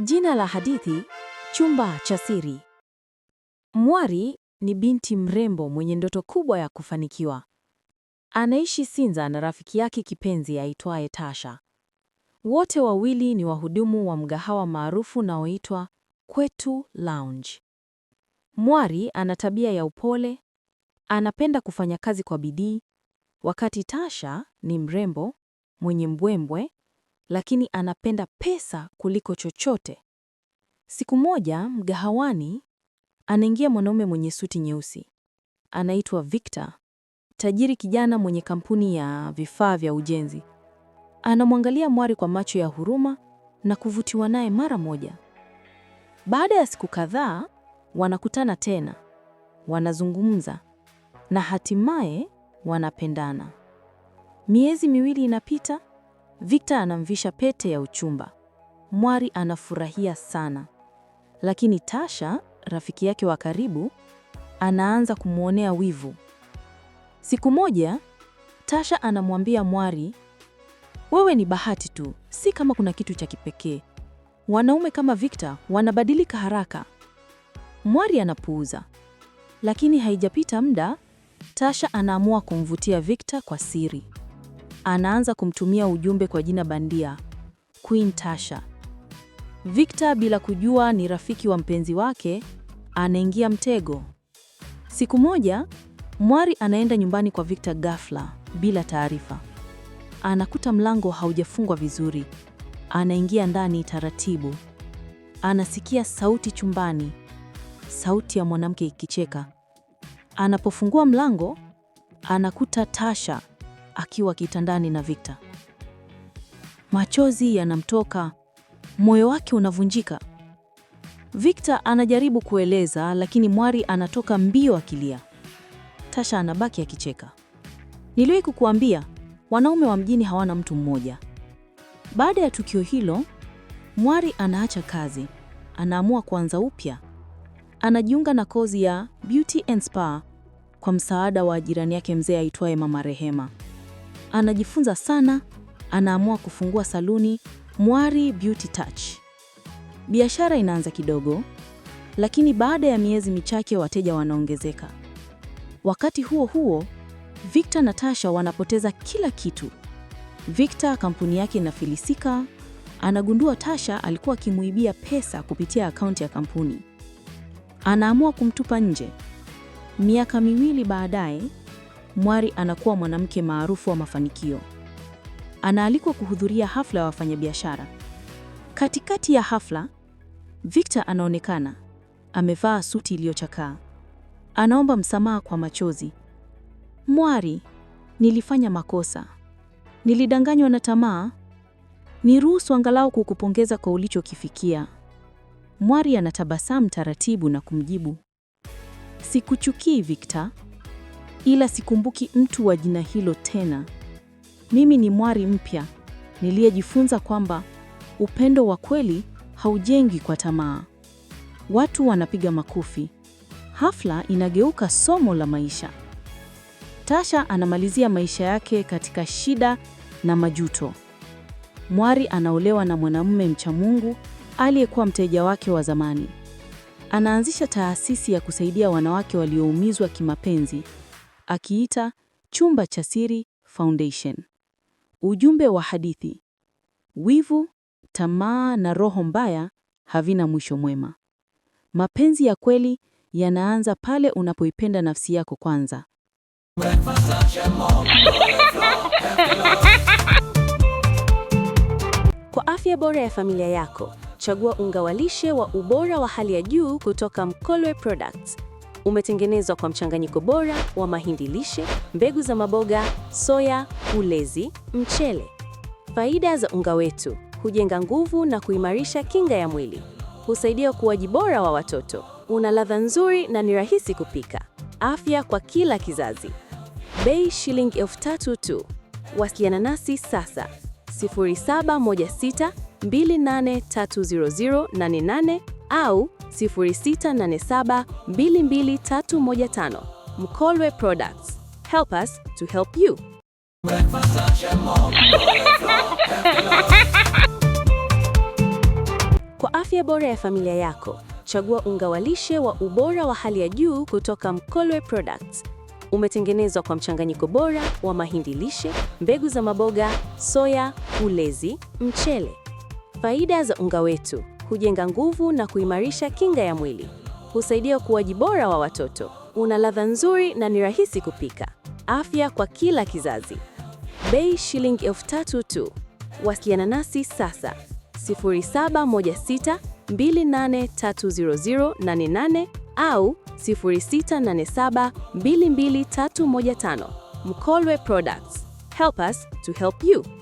Jina la hadithi: Chumba cha Siri. Mwari ni binti mrembo mwenye ndoto kubwa ya kufanikiwa. Anaishi Sinza na rafiki yake kipenzi aitwaye ya Tasha. Wote wawili ni wahudumu wa mgahawa maarufu unaoitwa Kwetu Lounge. Mwari ana tabia ya upole, anapenda kufanya kazi kwa bidii, wakati Tasha ni mrembo, mwenye mbwembwe lakini anapenda pesa kuliko chochote. Siku moja mgahawani, anaingia mwanaume mwenye suti nyeusi, anaitwa Victor, tajiri kijana mwenye kampuni ya vifaa vya ujenzi. Anamwangalia Mwari kwa macho ya huruma na kuvutiwa naye mara moja. Baada ya siku kadhaa, wanakutana tena, wanazungumza na hatimaye wanapendana. Miezi miwili inapita Victor anamvisha pete ya uchumba. Mwari anafurahia sana, lakini Tasha, rafiki yake wa karibu, anaanza kumwonea wivu. Siku moja, Tasha anamwambia Mwari, wewe ni bahati tu, si kama kuna kitu cha kipekee. Wanaume kama Victor wanabadilika haraka. Mwari anapuuza, lakini haijapita muda, Tasha anaamua kumvutia Victor kwa siri anaanza kumtumia ujumbe kwa jina bandia Queen Tasha. Victor bila kujua ni rafiki wa mpenzi wake, anaingia mtego. Siku moja, Mwari anaenda nyumbani kwa Victor ghafla bila taarifa. Anakuta mlango haujafungwa vizuri. Anaingia ndani taratibu. Anasikia sauti chumbani, sauti ya mwanamke ikicheka. Anapofungua mlango, anakuta Tasha akiwa kitandani na Victor. Machozi yanamtoka, moyo wake unavunjika. Victor anajaribu kueleza, lakini Mwari anatoka mbio akilia. Tasha anabaki akicheka. Niliwahi kukuambia wanaume wa mjini hawana mtu mmoja. Baada ya tukio hilo, Mwari anaacha kazi, anaamua kuanza upya. Anajiunga na kozi ya beauty and spa kwa msaada wa jirani yake mzee aitwaye Mama Rehema anajifunza sana, anaamua kufungua saluni Mwari Beauty Touch. Biashara inaanza kidogo, lakini baada ya miezi michache wateja wanaongezeka. Wakati huo huo, Victor na Tasha wanapoteza kila kitu. Victor, kampuni yake inafilisika. Anagundua Tasha alikuwa akimuibia pesa kupitia akaunti ya kampuni. Anaamua kumtupa nje. Miaka miwili baadaye, Mwari anakuwa mwanamke maarufu wa mafanikio. Anaalikwa kuhudhuria hafla ya wafanyabiashara. Katikati ya hafla, Victor anaonekana amevaa suti iliyochakaa. Anaomba msamaha kwa machozi. Mwari, nilifanya makosa, nilidanganywa na tamaa, niruhusu angalau kukupongeza kwa ulichokifikia. Mwari anatabasamu taratibu na kumjibu, sikuchukii Victor ila sikumbuki mtu wa jina hilo tena. Mimi ni mwari mpya niliyejifunza kwamba upendo wa kweli haujengi kwa tamaa. Watu wanapiga makofi, hafla inageuka somo la maisha. Tasha anamalizia maisha yake katika shida na majuto. Mwari anaolewa na mwanamume mchamungu aliyekuwa mteja wake wa zamani. Anaanzisha taasisi ya kusaidia wanawake walioumizwa kimapenzi akiita Chumba cha Siri Foundation. Ujumbe wa hadithi: wivu, tamaa na roho mbaya havina mwisho mwema. Mapenzi ya kweli yanaanza pale unapoipenda nafsi yako kwanza. Kwa afya bora ya familia yako, chagua unga wa lishe wa ubora wa hali ya juu kutoka Mkolwe Products umetengenezwa kwa mchanganyiko bora wa mahindi lishe, mbegu za maboga, soya, ulezi, mchele. Faida za unga wetu: hujenga nguvu na kuimarisha kinga ya mwili, husaidia ukuaji bora wa watoto, una ladha nzuri na ni rahisi kupika, afya kwa kila kizazi. Bei shilingi elfu tatu tu. Wasiliana nasi sasa 0716283088 au 0687223115. Mkolwe Products. Help us to help you. Kwa afya bora ya familia yako, chagua unga wa lishe wa ubora wa hali ya juu kutoka Mkolwe Products. Umetengenezwa kwa mchanganyiko bora wa mahindi lishe, mbegu za maboga, soya, ulezi, mchele. Faida za unga wetu: hujenga nguvu na kuimarisha kinga ya mwili, husaidia ukuaji bora wa watoto, una ladha nzuri na ni rahisi kupika, afya kwa kila kizazi. Bei shilingi elfu tatu tu. Wasiliana nasi sasa 0716283088 au 0687223115. Mkolwe Products. Help us to help you.